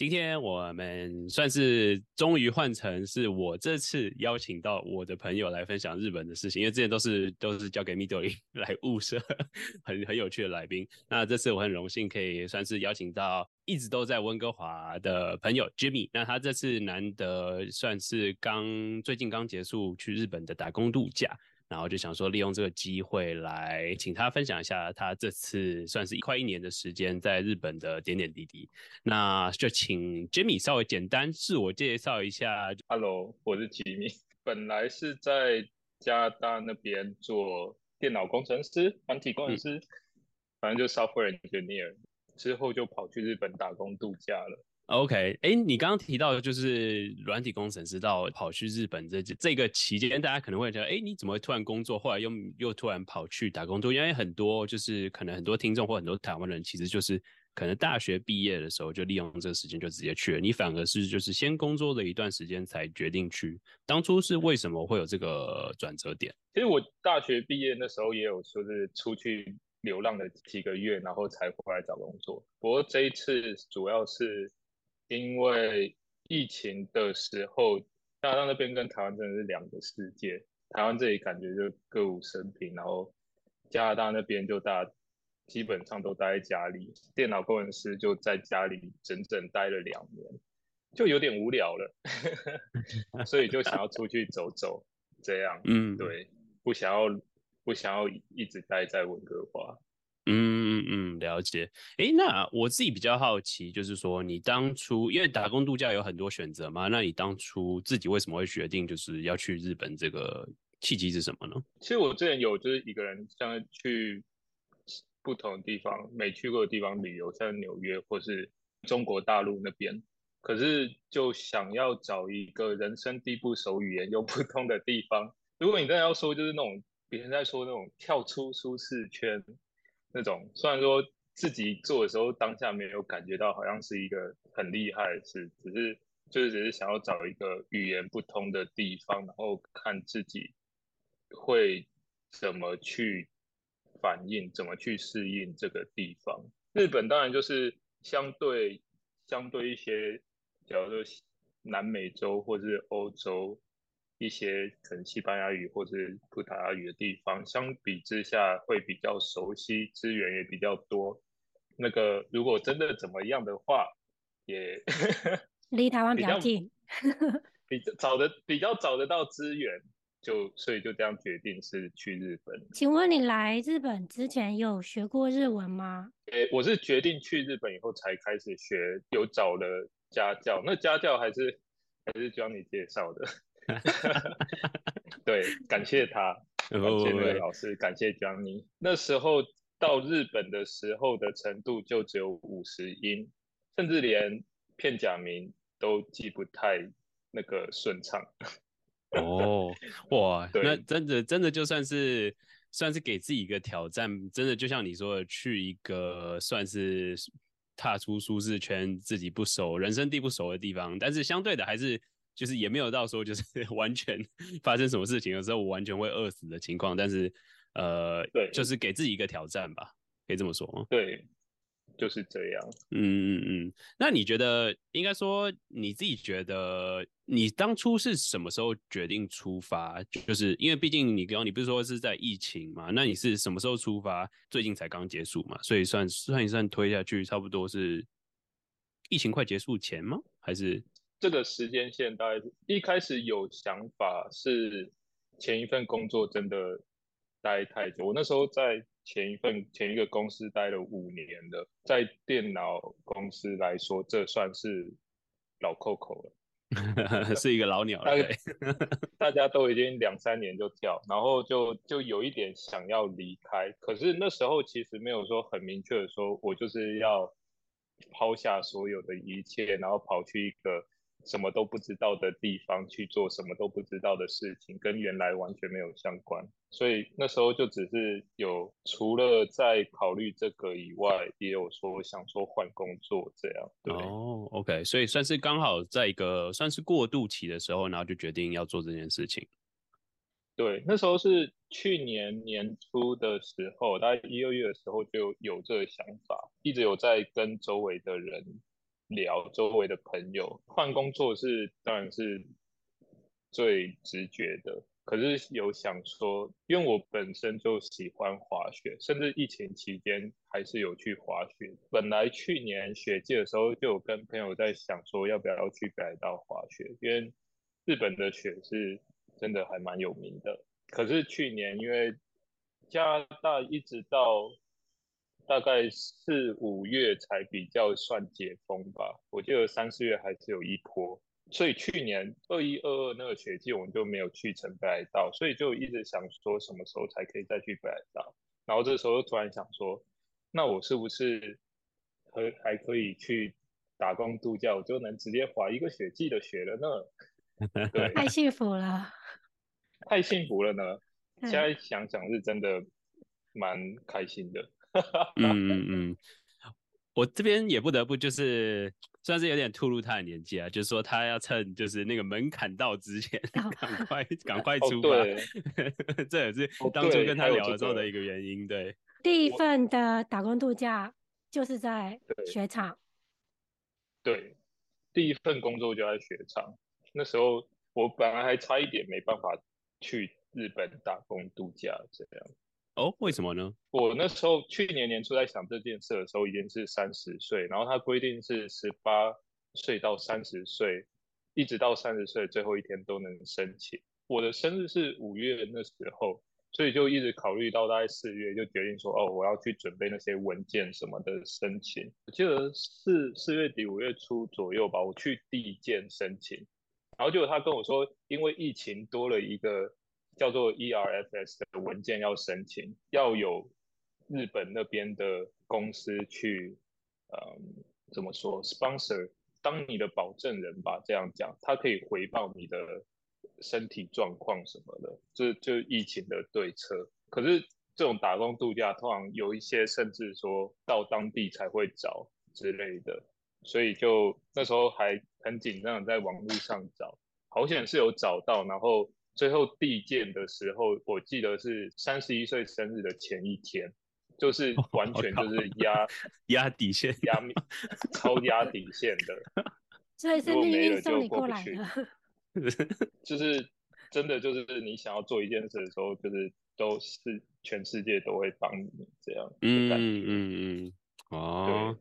今天我們算是終於換成是我，這次邀請到我的朋友來分享日本的事情，因為之前都是都是交給 Midori 來物色很很有趣的來賓。那這次我很榮幸可以算是邀請到一直都在溫哥華的朋友 Jimmy，那他這次難得算是剛最近剛結束去日本的打工度假。然後就想說，利用這個機會來請他分享一下他這次算是一塊一年的時間在日本的點點滴滴。那就請 Jimmi 稍微簡單自我介紹一下。Hello，我是 Jimmi，本來是在加拿大那邊做電腦工程師、軟體工程師，嗯、反正就 Software Engineer，之後就跑去日本打工度假了。OK，哎，你剛剛提到的就是軟體工程師到跑去日本這這個期間，大家可能會覺得，哎，你怎麼會突然工作？後來又又突然跑去打工作？因為很多就是可能很多聽眾或很多台灣人，其實就是可能大學畢業的時候，就利用這個時間，就直接去了。你反而是就是先工作了一段時間，才決定去。當初是為什麼會有這個轉折點？其實我大學畢業那時候，也有說是出去流浪了幾個月，然後才回來找工作。不過這一次主要是。因為疫情的時候，加拿大那邊跟台灣真的是兩個世界。台灣這裡感覺就歌舞升平，然後加拿大那邊就大家基本上都待在家裡，電腦工程師就在家裡整整待了兩年，就有點無聊了， 所以就想要出去走走，這樣，嗯，對，不想要不想要一直待在溫哥華。嗯嗯，了解。哎，那我自己比較好奇，就是說你當初因為打工度假有很多選擇嘛？那你當初自己為什麼會決定就是要去日本？這個契機是什麼呢？其實我之前有就是一個人像去不同的地方，沒去過的地方旅遊，像紐約或是中國大陸那邊。可是就想要找一個人生地不熟、語言又不通的地方。如果你真的要說，就是那種別人在說那種跳出舒適圈。那種雖然說自己做的時候當下沒有感覺到好像是一個很厲害的事，只是就是只是想要找一個語言不通的地方，然後看自己會怎麼去反應，怎麼去適應這個地方。日本當然就是相對相對一些，假如說南美洲或者是歐洲。一些可能西班牙語或是葡萄牙語的地方，相比之下會比較熟悉，資源也比較多。那個如果真的怎麼樣的話，也離台灣比較近，比較找得，比較找得到資源，就所以就這樣決定是去日本。請問你來日本之前有學過日文嗎？誒，我是決定去日本以後才開始學，有找了家教，那家教還是還是教你介紹的。 對，感謝他，感謝老師，oh, yeah. 感謝 Johnny。那時候到日本的時候的程度就只有五十音，甚至連片假名都記不太那個順暢。哦、oh, 對，哇，那真的真的就算是算是給自己一個挑戰，真的就像你說的，去一個算是踏出舒適圈、自己不熟、人生地不熟的地方，但是相對的還是。就是也沒有到說就是完全發生什麼事情的時候，我完全會餓死的情況。但是，呃，對，就是給自己一個挑戰吧，可以這麼說嗎？對，就是這樣。嗯嗯嗯。那你覺得應該說你自己覺得你當初是什麼時候決定出發？就是因為畢竟你剛剛，你不是說是在疫情嘛？那你是什麼時候出發？最近才剛結束嘛，所以算算一算推下去，差不多是疫情快結束前嗎？還是？這個時間線大概是一開始有想法，是前一份工作真的待太久，我那時候在前一份、前一個公司待了五年的，在電腦公司來說，這算是老扣扣了， 是一個老鳥了。大家都已經兩三年就跳，然後就就有一點想要離開，可是那時候其實沒有說很明確的說，我就是要拋下所有的一切，然後跑去一個。什麼都不知道的地方去做什麼都不知道的事情，跟原來完全沒有相關，所以那時候就只是有除了在考慮這個以外，也有說想說換工作這樣，對。哦，Oh, OK，所以算是剛好在一個算是過渡期的時候，然後就決定要做這件事情。對，那時候是去年年初的時候，大概一、二月的時候就有有這個想法，一直有在跟周圍的人。聊周圍的朋友，換工作是當然是最直覺的。可是有想說，因為我本身就喜歡滑雪，甚至疫情期間還是有去滑雪。本來去年雪季的時候，就有跟朋友在想說要不要要去北海道滑雪，因為日本的雪是真的還蠻有名的。可是去年因為加拿大一直到。大概四五月，才比較算解封吧。我記得三四月還是有一波，所以去年二一二二那個雪季我們就沒有去成北海道，所以就一直想說什麼時候才可以再去北海道。然後這時候又突然想說，那我是不是還還可以去打工度假，我就能直接滑一個雪季的雪了呢？ 對太幸福了，太幸福了呢！現在想想是真的蠻開心的。 嗯嗯，我這邊也不得不就是算是有點突入他的年紀啊，就是、說他要趁就是那個門檻到之前，趕 快趕快出來。Oh, 對 這也是當初跟他聊的時候的一個原因。Oh, 對，對對第一份的打工度假就是在雪場對。對，第一份工作就在雪場。那時候我本來還差一點沒辦法去日本打工度假這樣。哦，oh, 為什麼呢？我那時候去年年初在想這件事的時候，已經是三十歲，然後他規定是十八歲到三十歲，一直到三十歲最後一天都能申請。我的生日是五月那時候，所以就一直考慮到大概四月，就決定說哦，我要去準備那些文件什麼的申請。我記得四四月底五月初左右吧，我去遞件申請，然後結果他跟我說，因為疫情多了一個。叫做 ERFS 的文件要申請，要有日本那邊的公司去，嗯，怎麼說 sponsor 當你的保證人吧，這樣講，他可以回報你的身體狀況什麼的，就是就疫情的對策。可是這種打工度假通常有一些，甚至說到當地才會找之類的，所以就那時候還很緊張，在網路上找，好險是有找到，然後。最後遞件的時候，我記得是三十一歲生日的前一天，就是完全就是壓壓、哦、底線、壓超壓底線的。所以 是命運送你過來的，就是真的就是你想要做一件事的時候，就是都是全世界都會幫你這樣。嗯嗯嗯嗯，哦。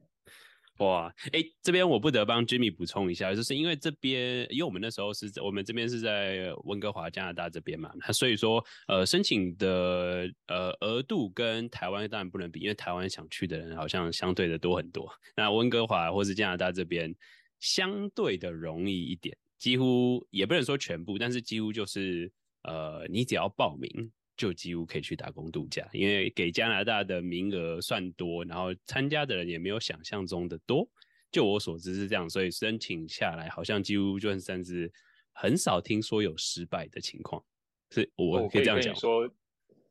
哇，哎，這邊我不得幫 Jimmi 補充一下，就是因為這邊，因為我們那時候是，我們這邊是在溫哥華，加拿大這邊嘛，那所以說，呃，申請的呃額度跟台灣當然不能比，因為台灣想去的人好像相對的多很多。那溫哥華或是加拿大這邊相對的容易一點，幾乎也不能說全部，但是幾乎就是，呃，你只要報名。就幾乎可以去打工度假，因為給加拿大的名額算多，然後參加的人也沒有想象中的多。就我所知是這樣，所以申請下來好像幾乎就算是很少聽說有失敗的情況。是我可以這樣講，我可以跟你說，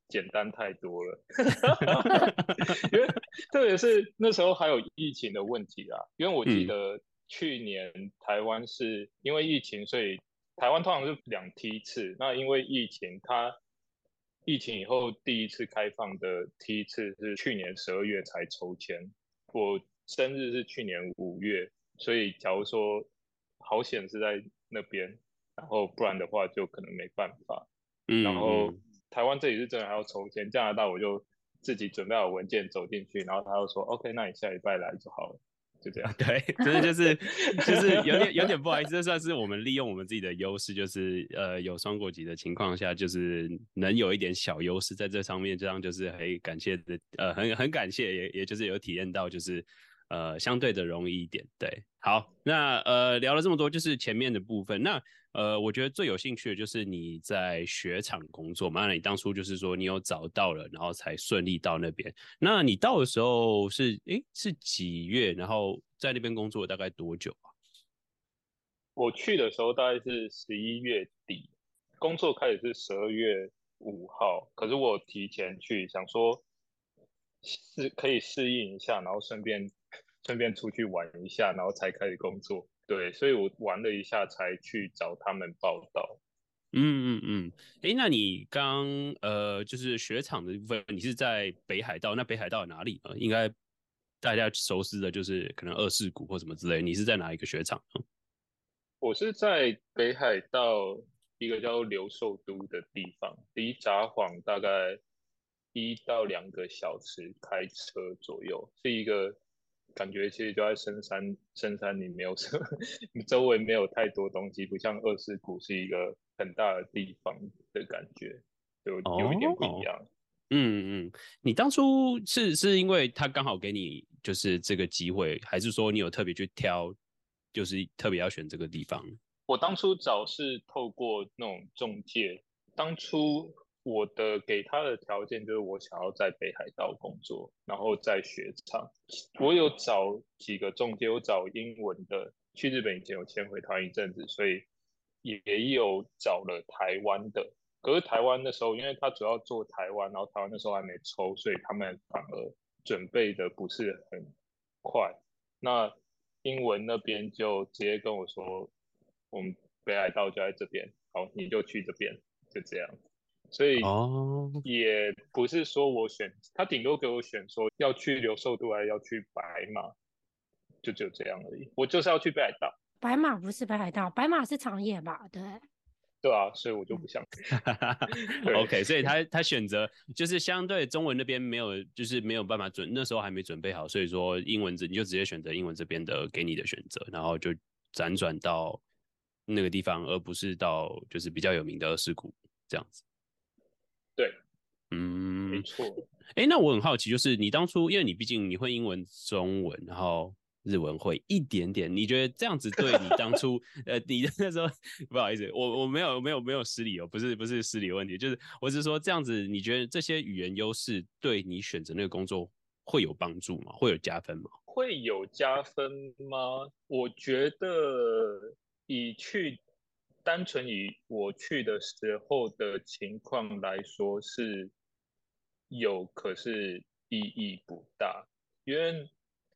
簡單太多了， 因為特別是那時候還有疫情的問題啊。因為我記得去年台灣是因為疫情，嗯、所以台灣通常是兩梯次，那因為疫情它。疫情以後第一次開放的第一次是去年十二月才抽籤，我生日是去年五月，所以假如說好險是在那邊，然後不然的話就可能沒辦法。然後台灣這裡是真的還要抽籤，加拿大我就自己準備好文件走進去，然後他就說 OK，那你下禮拜來就好了。就這樣，對，真的就是就是有點有點不好意思，這算是我們利用我們自己的優勢，就是呃有雙國籍的情況下，就是能有一點小優勢在這上面，這樣就是很感謝的，呃，很很感謝，也也就是有體驗到，就是呃相對的容易一點，對。好，那呃聊了這麼多，就是前面的部分，那。呃，我覺得最有興趣的就是你在雪場工作嘛。那你當初就是說你有找到了，然後才順利到那邊。那你到的時候是哎，是幾月？然後在那邊工作大概多久啊？我去的時候大概是十一月底，工作開始是十二月五號。可是我提前去，想說是可以適應一下，然後順便順便出去玩一下，然後才開始工作。對，所以我玩了一下才去找他們報道。嗯嗯嗯，哎、嗯嗯，那你剛呃，就是雪場的部分，你是在北海道？那北海道哪裡啊？應該大家熟知的就是可能二世谷或什麼之類，你是在哪一個雪場？我是在北海道一個叫留壽都的地方，離札幌大概一到兩個小時開車左右，是一個。感覺其實就在深山，深山裡沒有什麼，你周圍沒有太多東西，不像二世谷是一個很大的地方的感覺，就有一點不一樣。Oh, oh. 嗯嗯，你當初是是因為他剛好給你就是這個機會，還是說你有特別去挑，就是特別要選這個地方？我當初找是透過那種中介，當初，我的給他的條件就是我想要在北海道工作，然後在雪場。我有找幾個中介，我找英文的。去日本以前，我先回台灣一陣子，所以也有找了台灣的。可是台灣那時候，因為他主要做台灣，然後台灣那時候還沒抽，所以他們反而準備的不是很快。那英文那邊就直接跟我說，我們北海道就在這邊，好，你就去這邊，就這樣。所以也不是說我選他，頂多給我選說要去留壽都還是要去白馬，就就這樣而已。我就是要去北海道。白馬不是北海道，白馬是長野吧？對。對啊，所以我就不想。嗯、 對 OK，所以他他選擇就是相對中文那邊沒有，就是沒有辦法準，那時候還沒準備好，所以說英文字你就直接選擇英文這邊的給你的選擇，然後就輾轉到那個地方，而不是到就是比較有名的二世谷這樣子。對，嗯，沒錯。哎，那我很好奇，就是你當初，因為你畢竟你會英文、中文，然後日文會一點點，你覺得這樣子對你當初， 呃，你那時候，不好意思，我我沒有我沒有沒有失禮哦，不是不是失禮問題，就是我是說這樣子，你覺得這些語言優勢對你選擇那個工作會有幫助嗎？會有加分嗎？會有加分嗎？我覺得你去。單純以我去的時候的情況來說是，有，可是意義不大，因為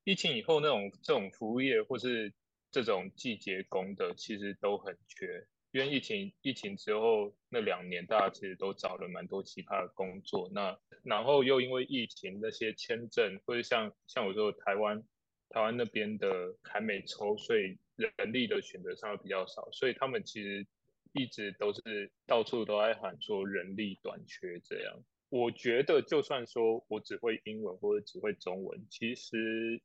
疫情以後那種這種服務業或是這種季節工的其實都很缺，因為疫情疫情之後那兩年大家其實都找了蠻多奇葩的工作，那然後又因為疫情那些簽證，或是像像我說的台灣台灣那邊的還沒抽籤。所以人力的選擇上會比較少，所以他們其實一直都是到處都在喊說人力短缺，這樣，我覺得就算說我只會英文或者只會中文，其實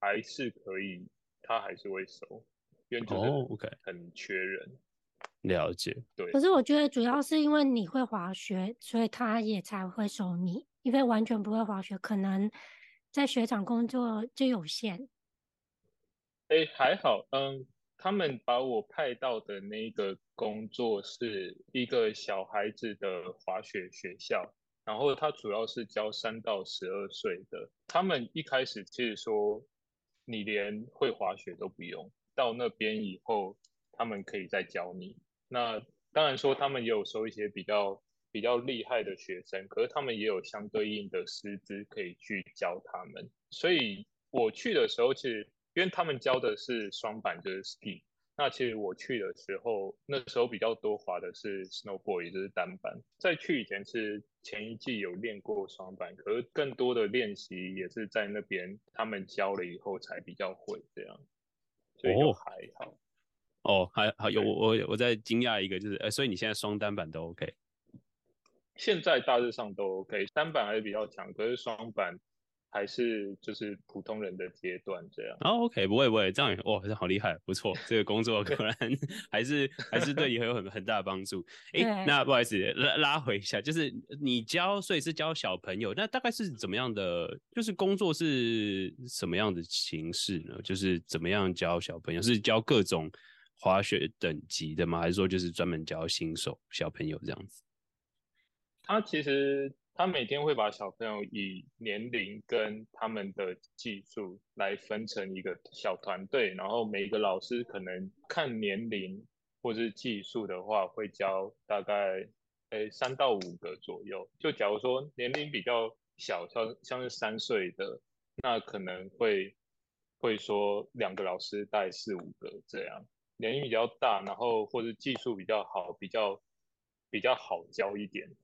還是可以，他還是會收。哦，因為就是很缺人，oh, okay. 了解對。可是我覺得主要是因為你會滑雪，所以他也才會收你。因為完全不會滑雪，可能在雪場工作就有限。哎，還好，嗯，他們把我派到的那個工作是一個小孩子的滑雪學校，然後他主要是教三到十二歲的。他們一開始就是說，你連會滑雪都不用，到那邊以後，他們可以再教你。那當然說，他們也有收一些比較比較厲害的學生，可是他們也有相對應的師資可以去教他們。所以我去的時候，其實。因為他們教的是雙板，就是 ski。那其實我去的時候，那時候比較多滑的是 snowboard，也就是單板。在去以前是前一季有練過雙板，可是更多的練習也是在那邊他們教了以後才比較會這樣。哦，還好。哦，還對，哦，好有我，我我在驚訝一個就是，呃，所以你現在雙單板都 OK？現在大致上都 OK，單板還是比較強，可是雙板。還是就是普通人的階段這樣 o、oh, k、okay, 不會不會，這樣哇，這好厲害，不錯，這個工作果然 還是還是對以後有很很大的幫助。哎、欸， 對 那不好意思拉拉回一下，就是你教，所以是教小朋友，那大概是怎麼樣的？就是工作是什麼樣的形式呢？就是怎麼樣教小朋友？是教各種滑雪等級的嗎？還是說就是專門教新手小朋友這樣子？他其實。他每天會把小朋友以年齡跟他們的技術來分成一個小團隊，然後每個老師可能看年齡或是技術的話，會教大概誒三到五個左右。就假如說年齡比較小，像像是三歲的，那可能會會說兩個老師帶四五個這樣。年齡比較大，然後或是技術比較好，比較比較好教一點。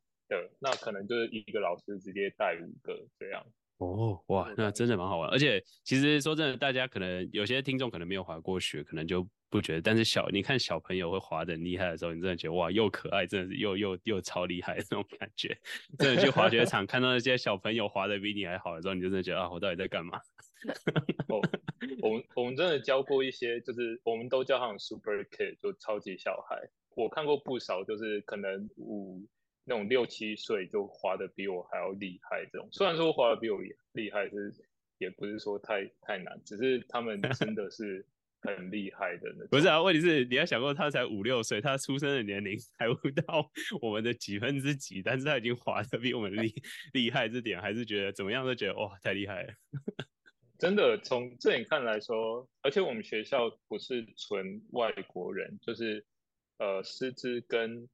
那可能就是一個老師直接帶五個這樣哦哇！那真的蠻好玩，而且其實說真的，大家可能有些聽眾可能沒有滑過雪，可能就不覺得。但是小你看小朋友會滑得很厲害的時候，你真的覺得哇，又可愛，真的是又又又超厲害的那種感覺。真的去滑雪場 看到那些小朋友滑得比你還好的時候，你就真的覺得啊，我到底在幹嘛？ oh, 我們我們真的教過一些，就是我們都叫他們 Super Kid，就超級小孩。我看過不少，就是可能五。那種六七歲就滑的比我還要厲害，這種雖然說滑的比我厲害，是也不是說太太難，只是他們真的是很厲害的那。 不是啊，問題是你要想過，他才五六歲，他出生的年齡還不到我們的幾分之幾，但是他已經滑的比我們厲害厲害，這點還是覺得怎麼樣都覺得哇，太厲害了。 真的，從這點看來說，而且我們學校不是純外國人，就是呃師資跟。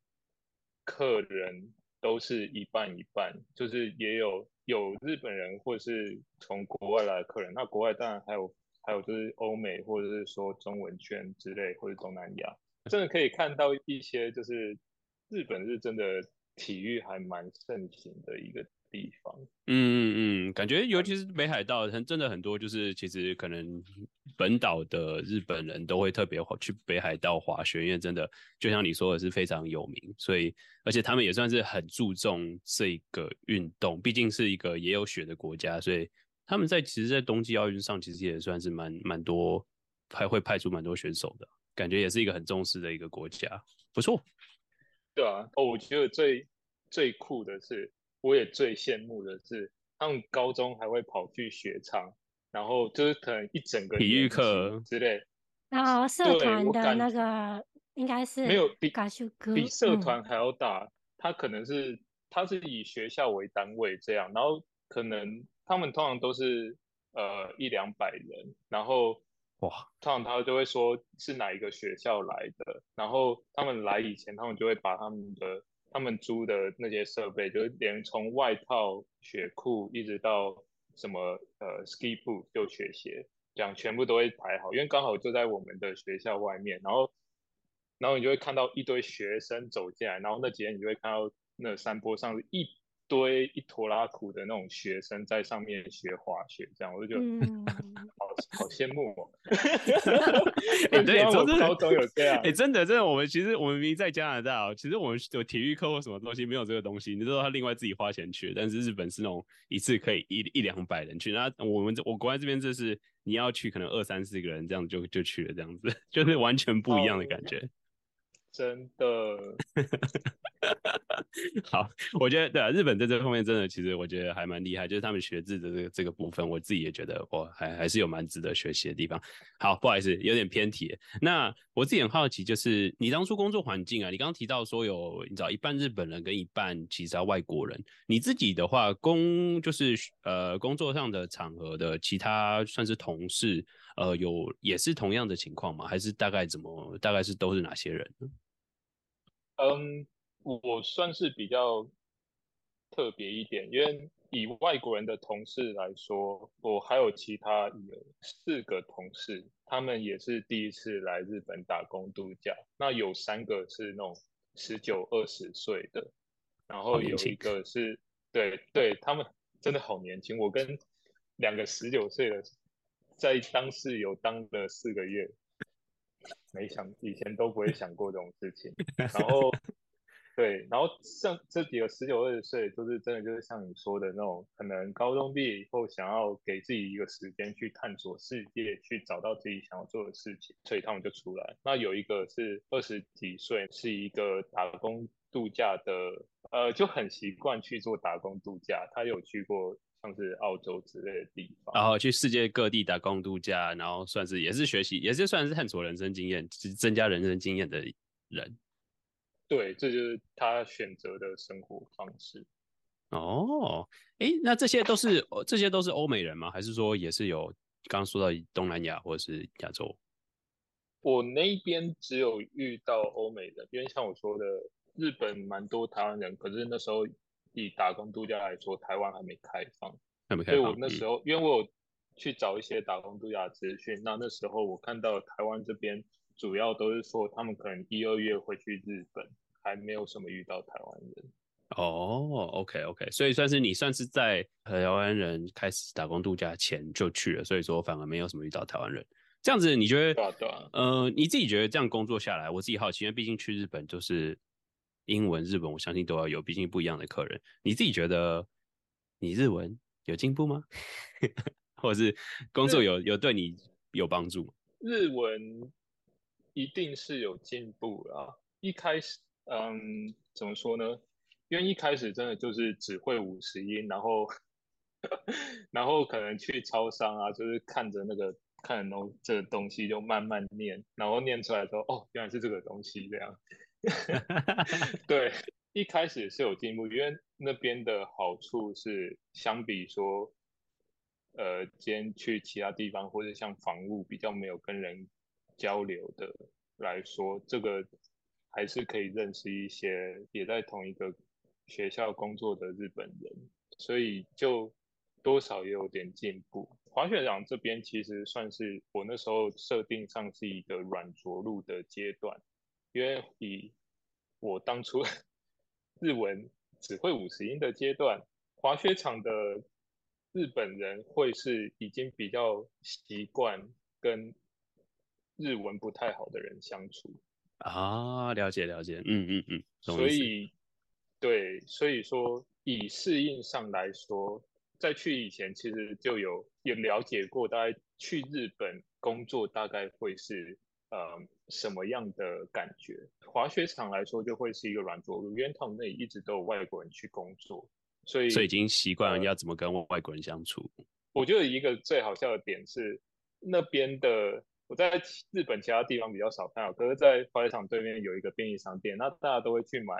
客人都是一半一半，就是也有有日本人或者是從國外來的客人。那國外當然還有還有就是歐美或者是說中文圈之類，或者東南亞，真的可以看到一些就是日本是真的體育還蠻盛行的一個地方，嗯嗯嗯，感覺尤其是北海道，很真的很多，就是其實可能本島的日本人都會特別去北海道滑雪，因為真的就像你說的是非常有名，所以而且他們也算是很注重這個運動，畢竟是一個也有雪的國家，所以他們在其實，在冬季奧運上其實也算是蠻蠻多還會派出蠻多選手的，感覺也是一個很重視的一個國家，不錯。對啊，哦，我覺得最最酷的是。我也最羨慕的是，他們高中還會跑去雪場，然後就是可能一整個體育課之類。然後對、哦、社團的那個應該是沒有比卡哥，比，比社團還要大。他可能是、嗯、他是以學校為單位這樣，然後可能他們通常都是呃一兩百人，然後哇，通常他就會說是哪一個學校來的，然後他們來以前，他們就會把他們的。他們租的那些設備，就是連從外套、雪褲，一直到什麼呃 ski boot 就雪鞋，這樣全部都會排好，因為剛好就在我們的學校外面。然後，然後你就會看到一堆學生走進來，然後那幾天你就會看到那山坡上是一。堆一拖拉庫的那種學生在上面學滑雪，這樣，我就覺得好羨慕我們、嗯、 好羨慕哦。對，總是總有這樣，欸真的。真的，真的，我們其實我們明明在加拿大，哦，其實我們有體育課或什麼東西，沒有這個東西，你知道他另外自己花錢去。但是日本是那種一次可以一一兩百人去，那我們我國外這邊就是你要去可能二三四個人這樣就就去了，這樣子就是完全不一樣的感覺。Oh. 真的， 好，我覺得對啊，日本在這方面真的，其實我覺得還蠻厲害，就是他們學制的這個這個部分，我自己也覺得，我還還是有蠻值得學習的地方。好，不好意思，有點偏題。那我自己很好奇，就是你當初工作環境啊，你剛剛提到說有你知道一半日本人跟一半其他外國人，你自己的話，工就是呃工作上的場合的其他算是同事，呃，有也是同樣的情況嗎？還是大概怎麼？大概是都是哪些人？嗯，我算是比較特別一點，因為以外國人的同事來說，我還有其他有四個同事，他們也是第一次來日本打工度假。那有三個是那種十九二十歲的，然後有一個是，嗯、對對，他們真的好年輕。我跟兩個十九歲的在當時有當了四個月。沒想以前都不會想過這種事情， 然後對，然後像這幾個十九二十歲，就是真的就是像你說的那種，可能高中畢業以後想要給自己一個時間去探索世界，去找到自己想要做的事情，所以他們就出來。那有一個是二十幾歲，是一個打工度假的，呃，就很習慣去做打工度假。他有去過。像是澳洲之類的地方，然後、oh, 去世界各地打工度假，然後算是也是學習，也是算是探索人生經驗，增加人生經驗的人。對，這就是他選擇的生活方式。哦，哎，那這些都是這些都是歐美人嗎？還是說也是有剛剛說到東南亞或者是亞洲？我那一邊只有遇到歐美人，因為像我說的，日本蠻多台灣人，可是那時候。以打工度假來說，台灣還沒開放。還沒開放。對，我那時候，因為我有去找一些打工度假資訊，那那時候我看到台灣這邊主要都是說，他們可能一二月會去日本，還沒有什麼遇到台灣人。哦，OK OK，所以算是你算是在台灣人開始打工度假前就去了，所以說反而沒有什麼遇到台灣人。這樣子，你覺得？對啊對啊。呃，你自己覺得這樣工作下來，我自己好奇，因為畢竟去日本就是。英文、日文，我相信都要有，畢竟不一樣的客人。你自己覺得你日文有進步嗎？ 或者是工作有日 有對你有幫助嗎？日文一定是有進步啊。一開始，嗯，怎麼說呢？因為一開始真的就是只會五十音，然後然後可能去超商啊，就是看着那個看着這個東西就慢慢念，然後念出來之後，哦，原來是這個東西這樣。 對，一開始是有進步，因為那邊的好處是，相比說，呃，先去其他地方或者像房務，比較沒有跟人交流的來說，這個還是可以認識一些也在同一個學校工作的日本人，所以就多少也有點進步。滑雪場這邊其實算是我那時候設定上是一個軟着陸的階段。因為以我當初日文只會五十音的階段，滑雪場的日本人會是已經比較習慣跟日文不太好的人相處。啊，了解了解，嗯嗯嗯，嗯，所以對，所以說以適應上來說，在去以前其實就有也了解過，大概去日本工作大概會是。呃，什麼樣的感覺？滑雪場來說，就會是一個軟座。因為他們那裡一直都有外國人去工作，所以所以已經習慣人家、呃、怎麼跟外國人相處。我覺得一個最好笑的點是，那邊的我在日本其他地方比較少看到，可是，在滑雪場對面有一個便利商店，那大家都會去買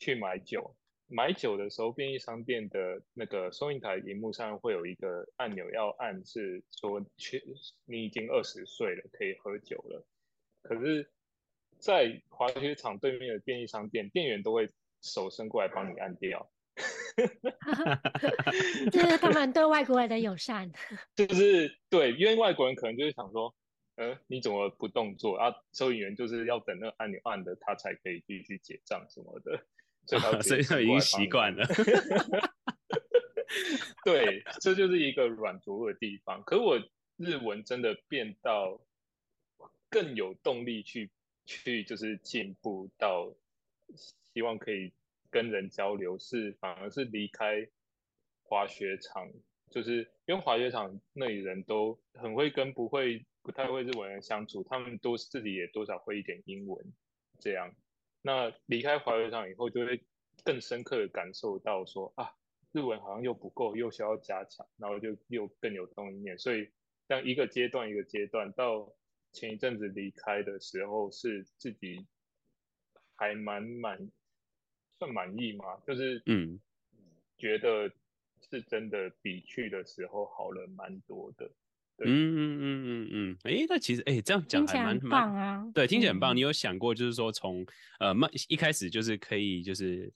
去買酒。買酒的時候，便利商店的那個收銀台熒幕上會有一個按鈕要按，是說去你已經二十歲了，可以喝酒了。可是，在滑雪場對面的便利商店，店員都會手伸過來幫你按掉。就 是他們對外國人的友善。就是對，因為外國人可能就是想說，呃，你怎麼不動作啊？收銀員就是要等那個按鈕按的，他才可以繼續結賬什麼的。所以，他以，啊、所以他已經習慣了。 對，這就是一個軟着陸的地方。可是我日文真的變到，更有動力去去就是進步，到希望可以跟人交流，是反而是離開滑雪場，就是因為滑雪場那裡人都很會跟不會不太會日文人相處，他們都自己也多少會一點英文，這樣那離開滑雪場以後，就會更深刻的感受到說啊日文好像又不夠，又需要加強，然後就又更有動力念，所以這樣一個階段一個階段到。前一陣子離開的時候，是自己還蠻滿算滿意嗎？就是嗯，覺得是真的比去的時候好了蠻多的。對，嗯嗯嗯嗯嗯，哎、嗯嗯嗯欸，那其實哎、欸，這樣講還蠻棒啊滿。對，聽起來很棒。嗯、你有想過，就是說從呃慢一開始，就是可以就是。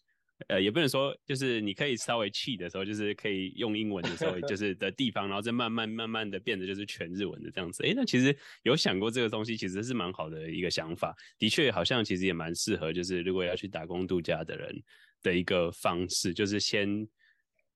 呃，也不能說，就是你可以稍微氣的時候，就是可以用英文的時候，就是的地方，然後再慢慢慢慢的變得就是全日文的這樣子。哎、欸，那其實有想過這個東西，其實是蠻好的一個想法。的確，好像其實也蠻適合，就是如果要去打工度假的人的一個方式，就是先。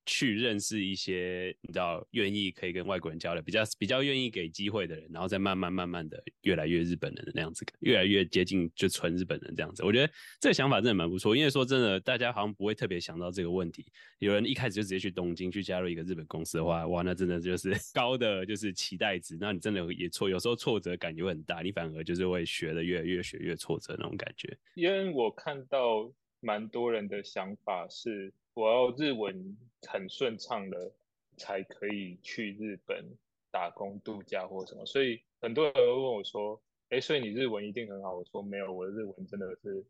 去認識一些你知道願意可以跟外國人交流，比較比較願意給機會的人，然後再慢慢慢慢的越來越日本人的那樣子，越來越接近就純日本人這樣子。我覺得這個想法真的蠻不錯，因為說真的，大家好像不會特別想到這個問題。有人一開始就直接去東京去加入一個日本公司的話，哇，那真的就是高的就是期待值，那你真的也挫，有時候挫折感也會很大，你反而就是會學的越來越學越挫折那種感覺。因為我看到蠻多人的想法是。我要日文很順暢的，才可以去日本打工、度假或什麼。所以很多人問我說：“哎、欸，所以你日文一定很好？”我說：“沒有，我的日文真的是，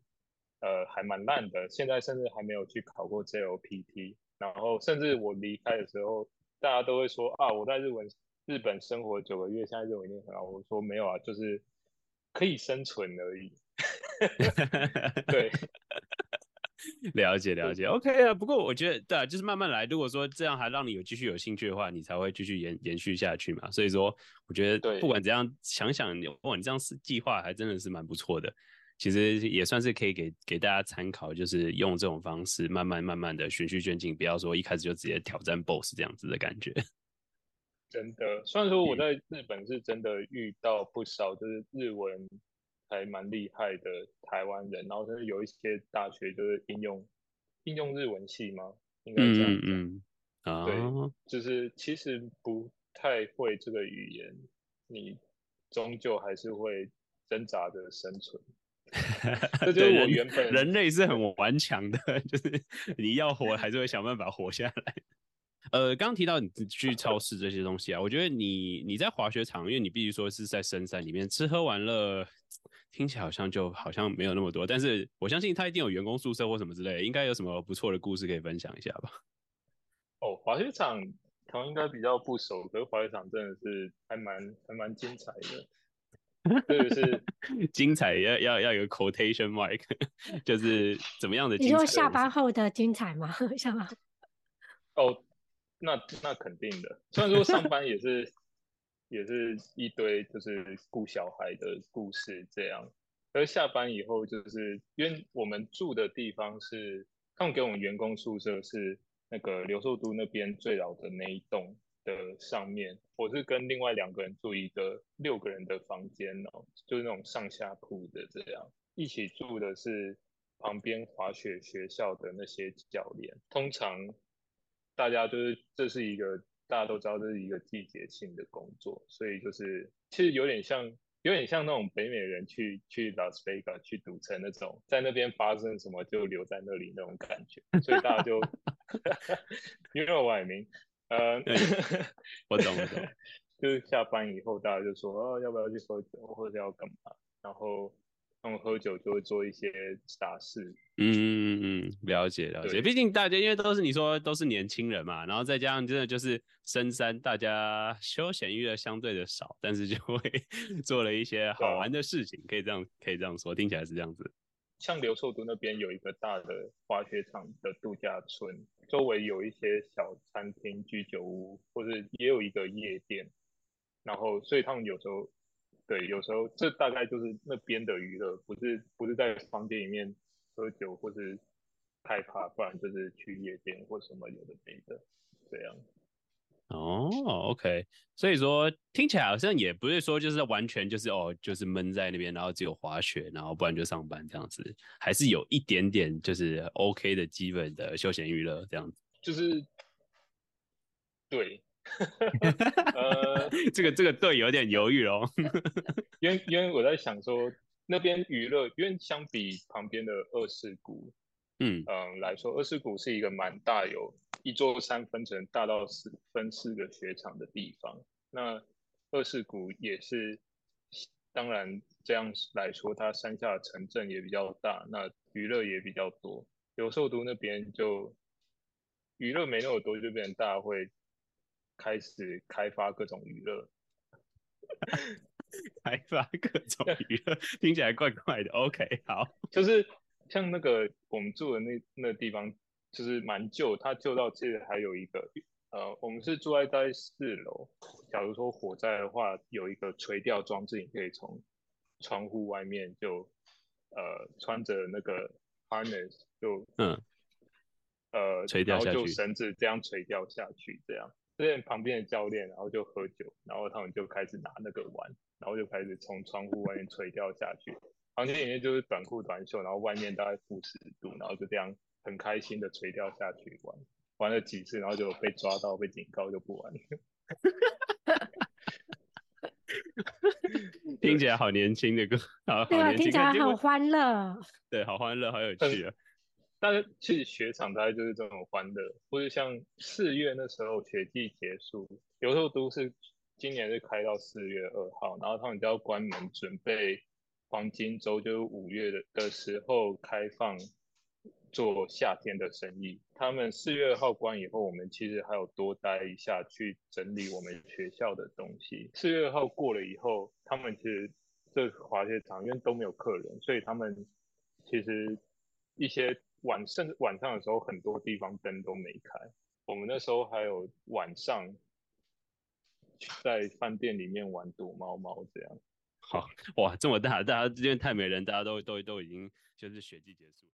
呃，還蠻爛的。現在甚至還沒有去考過 JLPT。然後，甚至我離開的時候，大家都會說：‘啊，我在日文日本生活九個月，現在日文一定很好。’我說：‘沒有啊，就是可以生存而已。 ’對。” 了解了解 對，OK 啊。不過我覺得，對、啊，就是慢慢來。如果說這樣還讓你有繼續有興趣的話，你才會繼續延延續下去嘛。所以說，我覺得不管怎樣，對想想不管、哦、你這樣是計劃，還真的是蠻不錯的。其實也算是可以給給大家參考，就是用這種方式慢慢慢慢的循序漸進，不要說一開始就直接挑戰 BOSS 這樣子的感覺。真的，雖然說我在日本是真的遇到不少，就是日文。還蠻厲害的台灣人，然後就是有一些大學就是應用應用日文系嘛，應該這樣子。嗯嗯嗯、對，哦、就是其實不太會這個語言，你終究還是會掙扎着生存。我原本人類是很頑強的，就是你要活還是會想辦法活下來。 呃，剛剛提到你去超市這些東西啊，我覺得你你在滑雪場，因為你必須說是在深山裡面吃喝玩樂，聽起來好像就好像沒有那麼多，但是我相信他一定有員工宿舍或什麼之類，應該有什麼不錯的故事可以分享一下吧？哦，滑雪場可能應該比較不熟，可是滑雪場真的是還蠻還蠻精彩的，對 是精彩要要要一個 quotation mic，就是怎麼樣的精彩？你說下班後的精彩嗎？下班吧？哦，那那肯定的，雖然說上班也是。 也是一堆就是顧小孩的故事這樣，而下班以後，就是因為我們住的地方，是他們給我們員工宿舍，是那個留壽都那邊最老的那一棟的上面，我是跟另外兩個人住一個六個人的房間哦，就是那種上下鋪的這樣，一起住的是旁邊滑雪學校的那些教練，通常大家就是這是一個。大家都知道這是一個季節性的工作，所以就是其實有點像，有點像那種北美人去去拉斯維加斯去賭城那種，在那邊發生什麼就留在那裡那種感覺。所以大家就，You know what I mean，呃， 我懂我懂，就是下班以後大家就說，哦，要不要去喝酒，或者要幹嘛？然後。他們喝酒就會做一些傻事，嗯嗯嗯，了解了解，對畢竟大家因為都是你說都是年輕人嘛，然後再加上真的就是深山，大家休閒娛樂相對的少，但是就會做了一些好玩的事情，啊、可以這樣可以這樣說，聽起來是這樣子。像留壽都那邊有一個大的滑雪場的度假村，周圍有一些小餐廳、居酒屋，或者也有一個夜店，然後所以他們有時候。對，有時候這大概就是那邊的娛樂，不是不是在房間裡面喝酒，或是開趴，不然就是去夜店或什麼有的沒的這樣。哦，OK，所以說聽起來好像也不是說就是完全就是哦，就是悶在那邊，然後只有滑雪，然後不然就上班這樣子，還是有一點點就是 OK 的基本的休閒娛樂這樣子。就是，對。 呃、 這個，這個這個對有點猶豫哦， 因為因為我在想說那邊娛樂，因為相比旁邊的二世谷，嗯嗯、呃、來說，二世谷是一個蠻大，有一座山分成大到四分四個雪場的地方。那二世谷也是，當然這樣來說，它山下的城鎮也比較大，那娛樂也比較多。留壽都那邊就娛樂沒那麼多，就變成大會。開始開發各種娛樂， 開發各種娛樂， 聽起來怪怪的。OK，好，就是像那個我們住的那那個地方，就是蠻舊，它舊到其實還有一個，呃，我們是住在在四樓。假如說火災的話，有一個垂吊裝置，你可以從窗戶外面就，呃，穿着那個 harness 就嗯，呃，垂吊下去，然後就繩子這樣垂吊下去這樣。這邊旁邊的教練，然後就喝酒，然後他們就開始拿那個玩，然後就開始從窗戶外面垂掉下去。房間裡面就是短褲短袖，然後外面大概負十度，然後就這樣很開心的垂掉下去玩。玩了幾次，然後就被抓到，被警告就不玩了。哈哈哈哈哈哈！聽起來好年輕的歌，的對啊，聽起來很歡樂。對，好歡樂，好有趣啊。嗯但是去雪場大概就是這種歡樂，不是像四月那時候雪季結束，有時候都是今年是開到四月二號，然後他們就要關門準備黃金週，就是五月的的時候開放做夏天的生意。他們四月二號關以後，我們其實還要多待一下去整理我們學校的東西。四月二號過了以後，他們其實這滑雪場因為都沒有客人，所以他們其實一些。晚甚至晚上的時候，很多地方燈都沒開。我們那時候還有晚上在飯店裡面玩躲貓貓這樣。好哇，這麼大，大家因為太沒人，大家都都都已經就是雪季結束。